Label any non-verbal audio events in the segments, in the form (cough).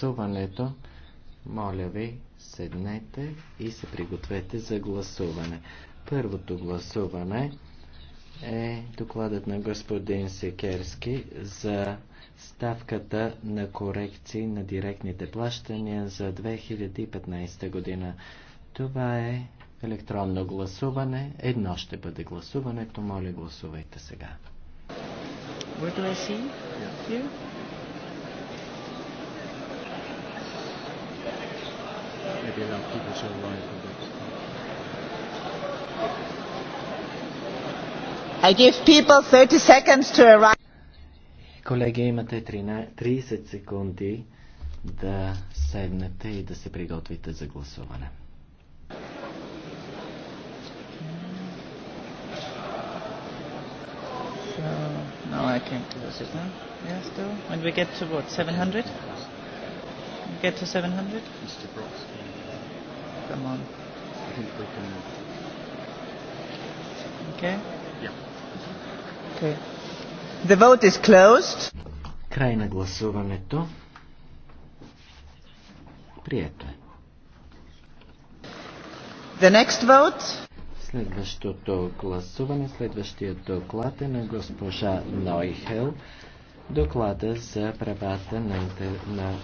гласуването. Моля ви, седнете и се пригответе за гласуване. Първото гласуване е докладът на господин Секерски за ставката на корекции на директните плащания за 2015 година. Това е електронно гласуване. Едно ще бъде гласуването. Моля, гласувайте сега. Where do I see? Yeah. Here? maybe allow people to arrive for this. I give people 30 seconds to arrive. Колеги, имате 30 секунди да седнете и да се приготвите за гласуване. So now I came to the system. Yeah, still. When we get to what, 700? get to 700? Mr. Brooks. Come on. I think we can. Okay? Yeah. Okay. The vote is closed. Край на гласуването. Прието е. The next vote. Следващото гласуване, следващия доклад е на госпожа Нойхел доклада за правата на, на,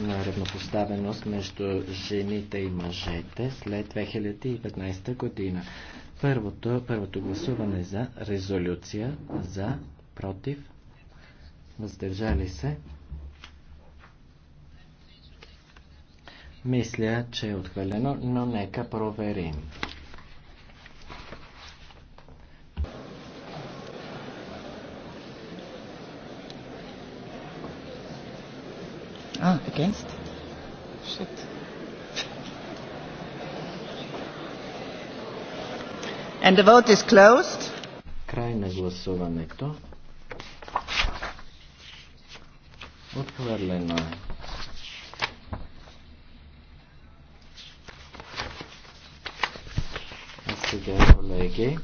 на равнопоставеност между жените и мъжете след 2015 година. Първото, първото гласуване за резолюция за против въздържали се. Мисля, че е отхвърлено, но нека проверим. against? Shit. And the vote is closed. Край на гласуването. Отхвърлено е. А сега, колеги,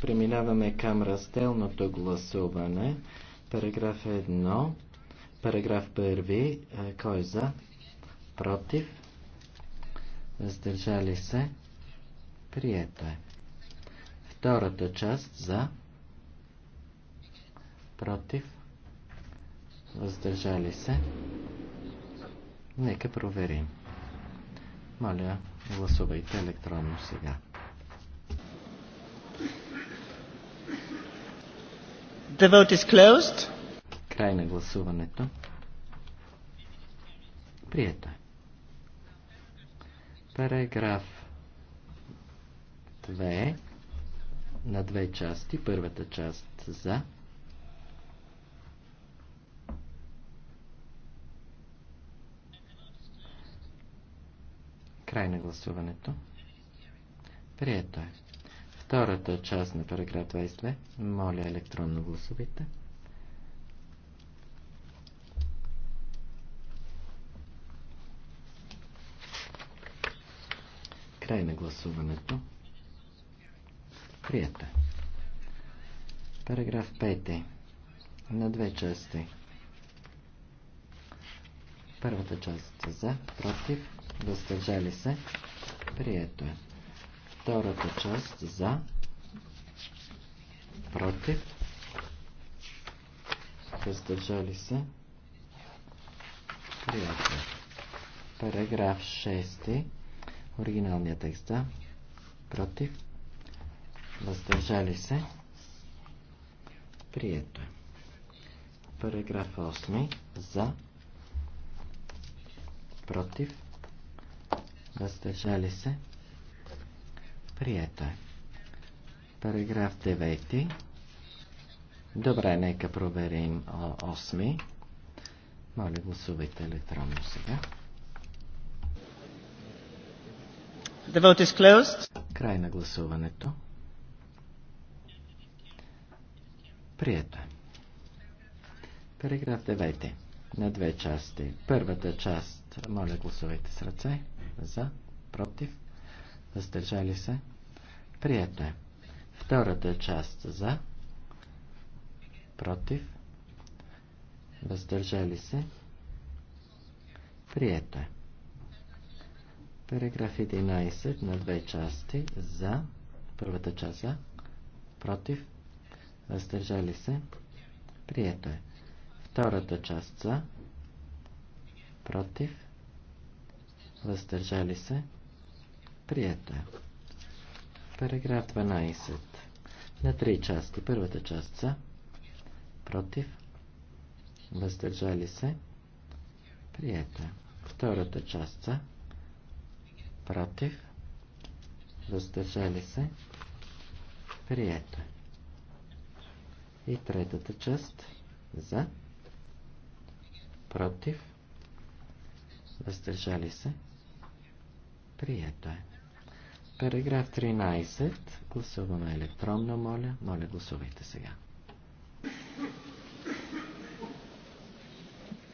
преминаваме към разделното гласуване. Параграф 1. Параграф първи. Кой е за? Против. Въздържали се. Прието е. Втората част за. Против. Въздържали се. Нека проверим. Моля, гласувайте електронно сега. The vote is closed. Край на гласуването. Прието е. Параграф 2 на две части. Първата част за. Край на гласуването. Прието е. Втората част на параграф 22. Моля електронно гласовите. Край на гласуването. Прията. Е. Параграф 5. Е. На две части. Първата част е за, против, въздържали се. Прието е. Втората част за, против, въздържали се. Прието е. Параграф 6. Оригиналния текст е. за. Против. Въздържали се. Прието е. Параграф 8. За. Против. Въздържали се. Прието е. Параграф 9. Добре, нека проверим 8. Моля, гласувайте електронно сега. The vote is closed. Край на гласуването. Прието. Е. Параграф 9. На две части. Първата част. Моля, гласувайте с ръце. За. Против. Въздържали се. Прието е. Втората част. За. Против. Въздържали се. Прието е. Параграф 11 на две части за. Първата част за. Против. Въздържали се. Прието е. Втората част за. Против. Въздържали се. Прието е. Параграф 12. На три части. Първата част за. Против. Въздържали се. Прието е. Втората част за против, въздържали се, прието. И третата част за, против, въздържали се, прието е. Параграф 13. Гласуваме електронно, моля. Моля, гласувайте сега.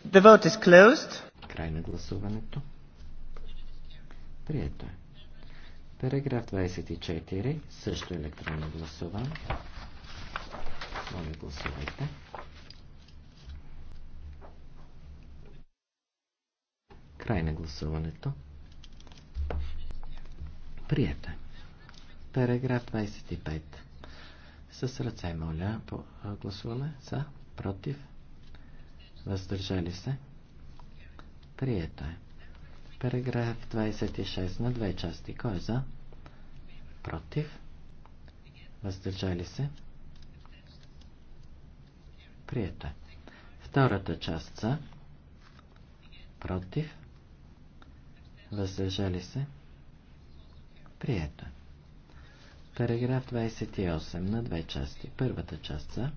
The vote is closed. Край на гласуването. Прието е. Параграф 24, също електронно гласуване. Моля, гласувайте. Край на гласуването. Прието е. Параграф 25. С ръце, моля, по гласуване. За, против, въздържали се. Прието е. Параграф 26 на две части. Кой е за? Против? Въздържали се? Прието е. Втората част за? Против? Въздържали се? Прието е. Параграф 28 на две части. Първата част за?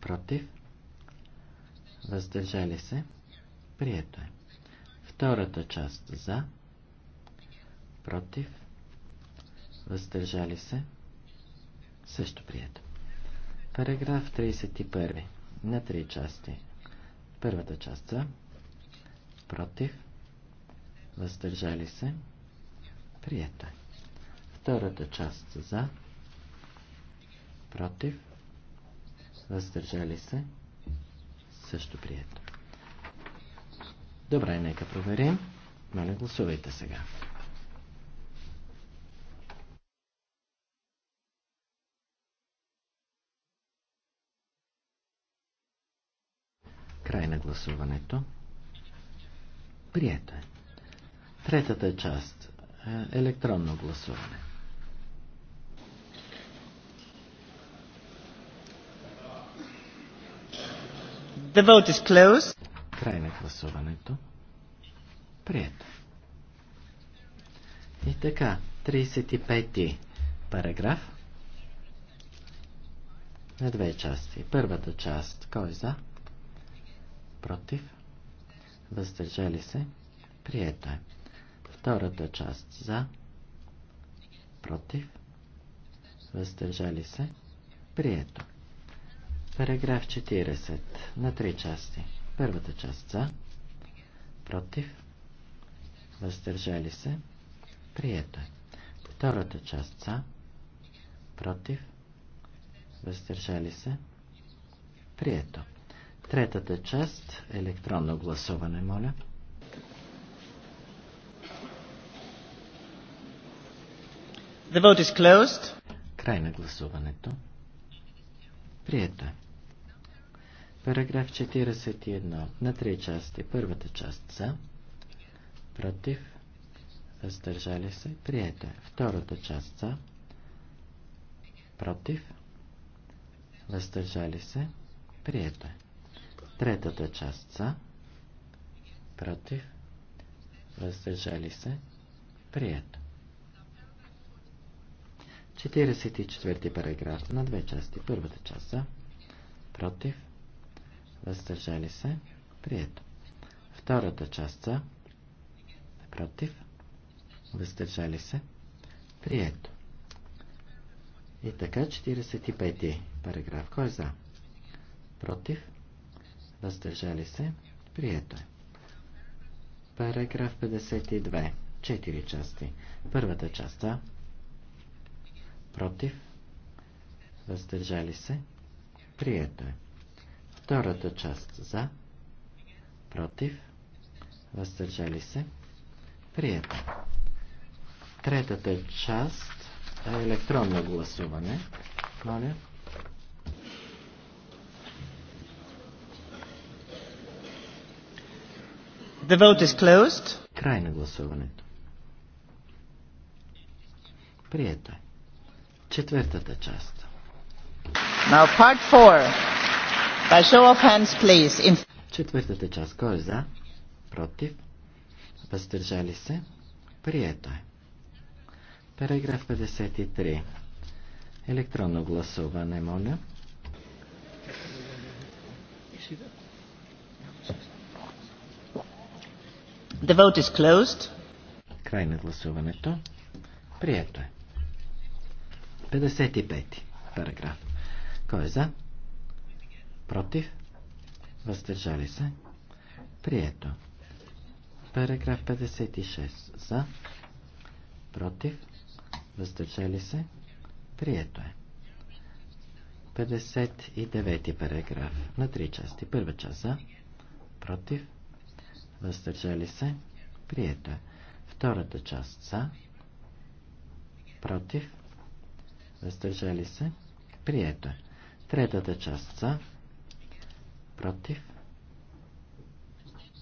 Против? Въздържали се? Прието Прието е. Втората част за, против, въздържали се, също прието. Параграф 31 на три части. Първата част за, против, въздържали се, прието е. Втората част за, против, въздържали се, също прието. Добре, нека проверим. Моля, гласувайте сега. Край на гласуването. Прието е. Третата част е електронно гласуване. The vote is closed. Край на гласуването. Прието. И така, 35-ти параграф на две части. Първата част, кой е за? Против? Въздържали се? Прието е. Втората част, за? Против? Въздържали се? Прието. Параграф 40 на три части. Първата част за, против, въздържали се, прието е. Втората част за, против, въздържали се, прието. Третата част, електронно гласуване, моля. The vote is closed. Край на гласуването. Прието е. Параграф 41 на три части. Първата част са, против, въздържали се, прието е. Втората част са, против, въздържали се, прието е. Третата част за, против, въздържали се, прието. 44 параграф на две части. Първата част за, против, въздържали се, прието. Втората част са против, въздържали се, прието. И така 45 параграф. Кой е за? Против, въздържали се, прието е. Параграф 52. Четири части. Първата част са, против, въздържали се, прието е. Втората част за, против, въздържали се, прието. Третата част е електронно гласуване. Моля. The vote is closed. Край на гласуването. Прието е. Четвъртата част. Now part By show of hands, please. In... Четвъртата част. Кой е за? Против? Въздържали се? Прието е. Параграф 53. Електронно гласуване, моля. The vote is closed. Край на гласуването. Прието е. 55. Параграф. Кой е за? Против? Въздържали се? Прието. Параграф 56. За? Против? Въздържали се? Прието е. 59 параграф на три части. Първа част за, против, въздържали се, прието е. Втората част за, против, въздържали се, прието е. Третата част за, против,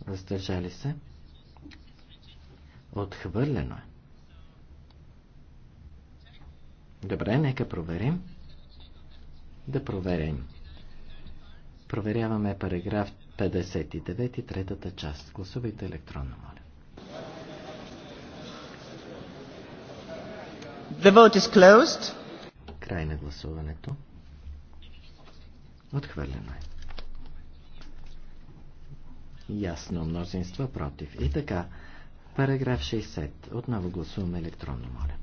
въздържали се, отхвърлено е. Добре, нека проверим. Да проверим. Проверяваме параграф 59 и третата част. Гласувайте електронно, моля. The vote is closed. Край на гласуването. Отхвърлено е ясно мнозинство против. И така, параграф 60. Отново гласуваме електронно, моля.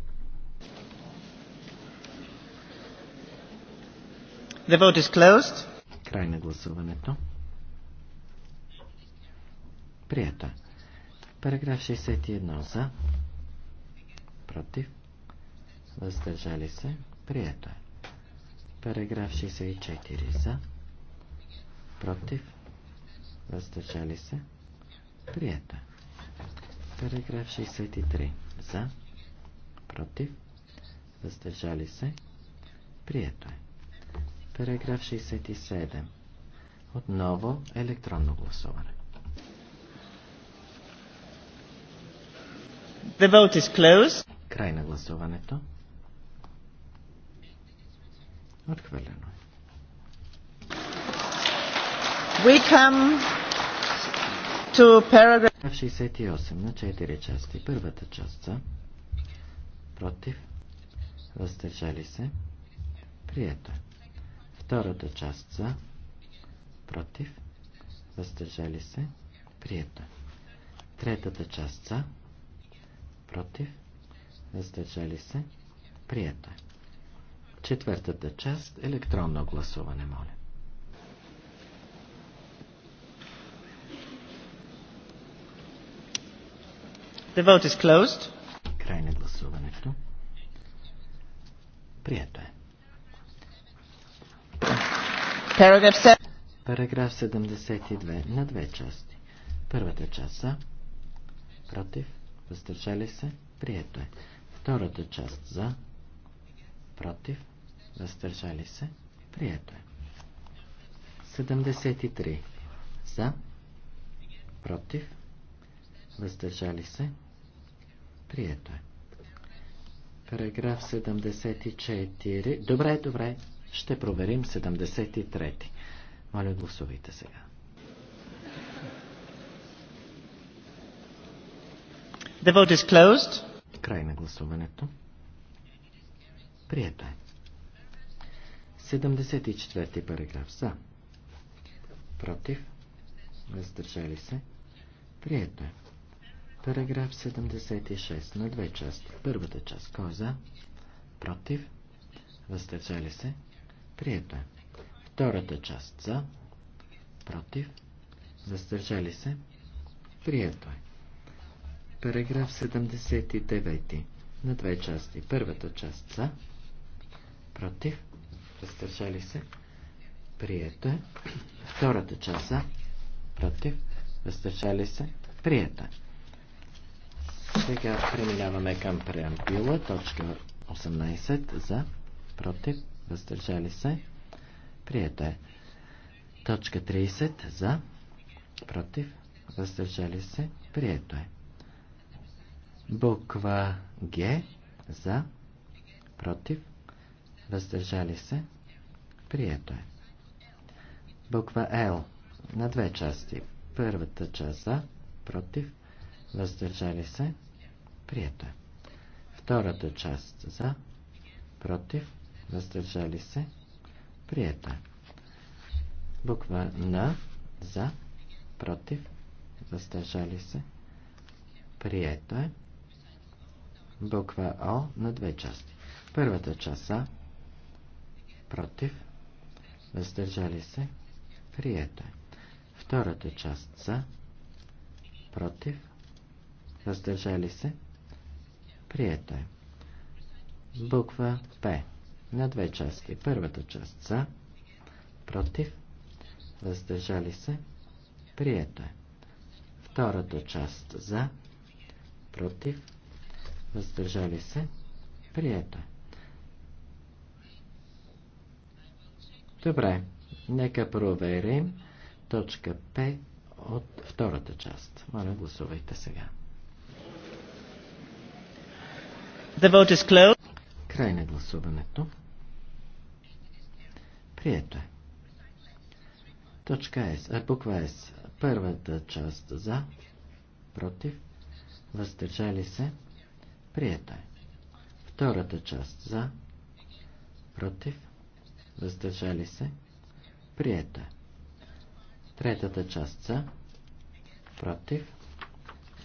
The vote is closed. Край на гласуването. Прието. Параграф 61 за. Против. Въздържали се. Прието е. Параграф 64 за. Против въздържали се, прието. Е. Параграф 63. За, против, въздържали се, прието е. Параграф 67. Отново електронно гласуване. The vote is closed. Край на гласуването. Отхвърлено е. 68 на 4 части. Първата част са против, въздържали се, прието. Е. Втората част са против, въздържали се, прието. Е. Третата част са против, въздържали се, прието. Е. Четвъртата част електронно гласуване, моля. The vote is closed. Край на гласуването. Прието е. Параграф Параграф 72 на две части. Първата част за, против, въздържали се, прието е. Втората част за, против, въздържали се, прието е. 73 за, против, въздържали се, Прието е. Параграф 74. Добре, добре. Ще проверим 73. Моля, гласувайте сега. The vote is closed. Край на гласуването. Прието е. 74 параграф. За. Против. Въздържали се. Прието е. Параграф 76 на две части. Първата част. Кой е за? Против? Въздържали се? Прието е. Втората част. За? Против? Въздържали се? Прието е. Параграф 79 на две части. Първата част. За? Против? Въздържали се? Прието е. Втората част. За? Против? Въздържали се? Прието е. Сега преминаваме към преамбюла, точка 18 за, против, въздържали се, прието е. Точка 30 за, против, въздържали се, прието е. Буква Г за, против, въздържали се, прието е. Буква Л на две части. Първата част за, против, въздържали се, Прието е. Втората част за, против, въздържали се. Прието е. Буква на, за, против, въздържали се. Прието е. Буква О на две части. Първата част за, против, въздържали се. Прието е. Втората част за, против, въздържали се. Прието е. Буква П. На две части. Първата част за, против, въздържали се. Прието е. Втората част за, против, въздържали се. Прието е. Добре, нека проверим точка П от втората част. Моля, гласувайте сега. The vote is closed. Край на гласуването. Прието е. Точка С. А, буква С. Първата част за, против, въздържали се. Прието е. Втората част за, против, въздържали се. Прието е. Третата част за, против,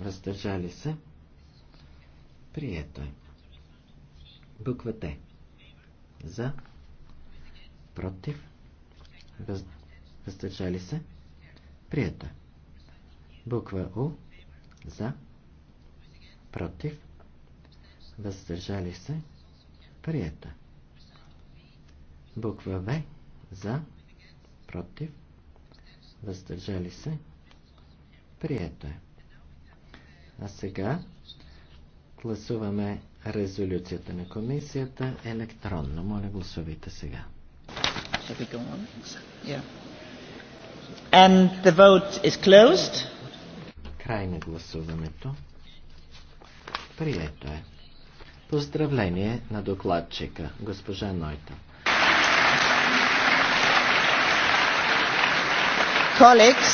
въздържали се. Прието е. Буква Т. За. Против. Въз... Въздържали се. Прията. Буква У. За. Против. Въздържали се. Прията. Буква В. За. Против. Въздържали се. Прието е. А сега Гласуваме резолюцията на комисията електронно. Моля, гласувайте сега. And the vote is closed. Край на гласуването. Прието е. Поздравление на докладчика, госпожа Нойта. Colleagues,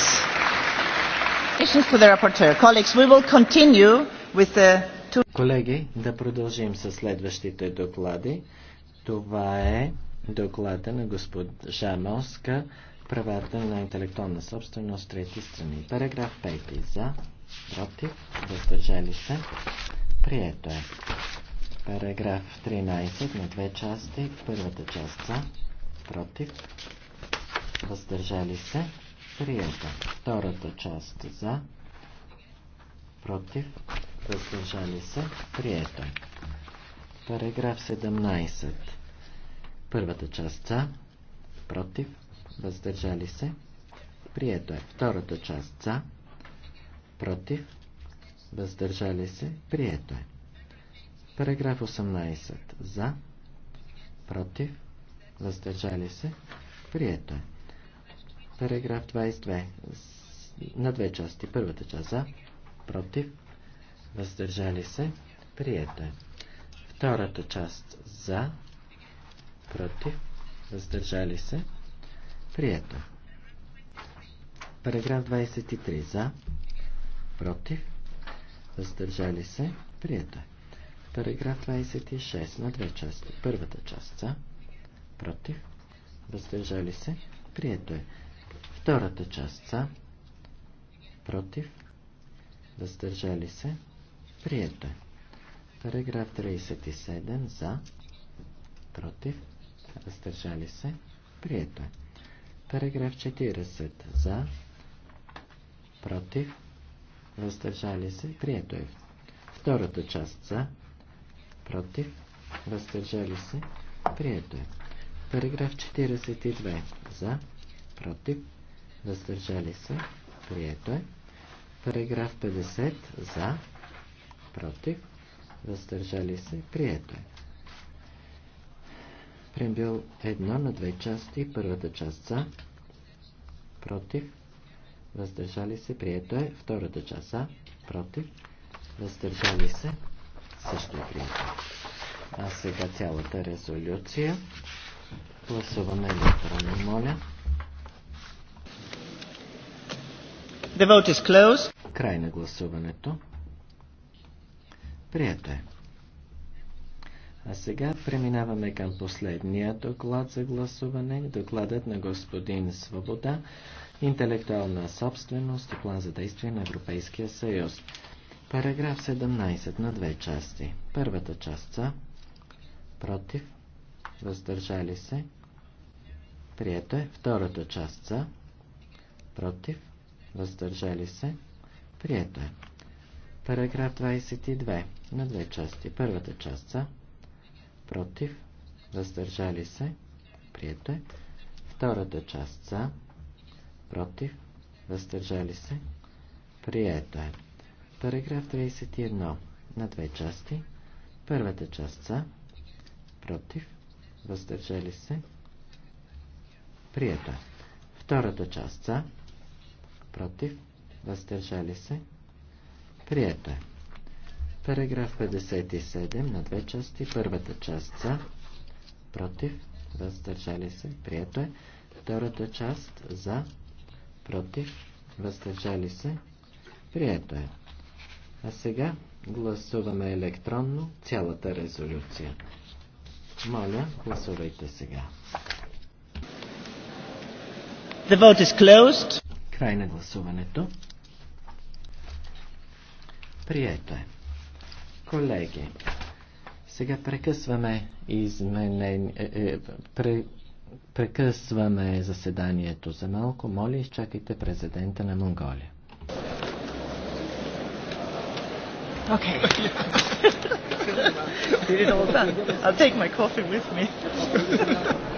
questions to the rapporteur. Colleagues, we will continue with the Колеги, да продължим с следващите доклади. Това е доклада на госпожа Моска, правата на интелектуална собственост трети страни. Параграф 5 за, против, въздържали се, прието е. Параграф 13 на две части, първата част за, против, въздържали се, прието. Втората част за, против, въздържали се, прието. Е. Параграф 17. Първата част за, против, въздържали се, прието е. Втората част за, против, въздържали се, прието е. Параграф 18. За, против, въздържали се, прието е. Параграф 22. На две части. Първата част за, против, въздържали се, прието е. Втората част за, против, въздържали се, прието е. Параграф 23 за, против, въздържали се, прието е. Параграф 26 на две части. Първата част за, против, въздържали се, прието е. Втората част за, против, въздържали се, Прието е. Параграф 37 за, против, въздържали се. Прието е. Параграф 40 за, против, въздържали се. Прието е. Втората част за, против, въздържали се. Прието е. Параграф 42 за, против, въздържали се. Прието е. Параграф 50 за, против, въздържали се, прието е. Прембил едно на две части, първата част за, против, въздържали се, прието е, втората част за, против, въздържали се, също е прието. А сега цялата резолюция. Гласуваме електронно, моля. The vote is closed. Край на гласуването. Прието е. А сега преминаваме към последния доклад за гласуване. Докладът на господин Свобода. Интелектуална собственост и план за действие на Европейския съюз. Параграф 17 на две части. Първата част са против, въздържали се, прието е. Втората част са против, въздържали се, прието е. Параграф 22 на две части. Първата част са против, въздържали се, прието е. Втората част са против, въздържали се, прието е. Параграф 31 на две части. Първата част са против, въздържали се, прието е. Втората част са против, въздържали се, прието Прието е. Параграф 57 на две части. Първата част за, против, въздържали се. Прието е. Втората част за, против, въздържали се. Прието е. А сега гласуваме електронно цялата резолюция. Моля, гласувайте сега. The vote is closed. Край на гласуването. Прието е. Колеги, сега прекъсваме изменен... Е, е, пре... Прекъсваме заседанието за малко. Моля, изчакайте президента на Монголия. Okay. Get (laughs) it all done. I'll take my coffee with me. (laughs)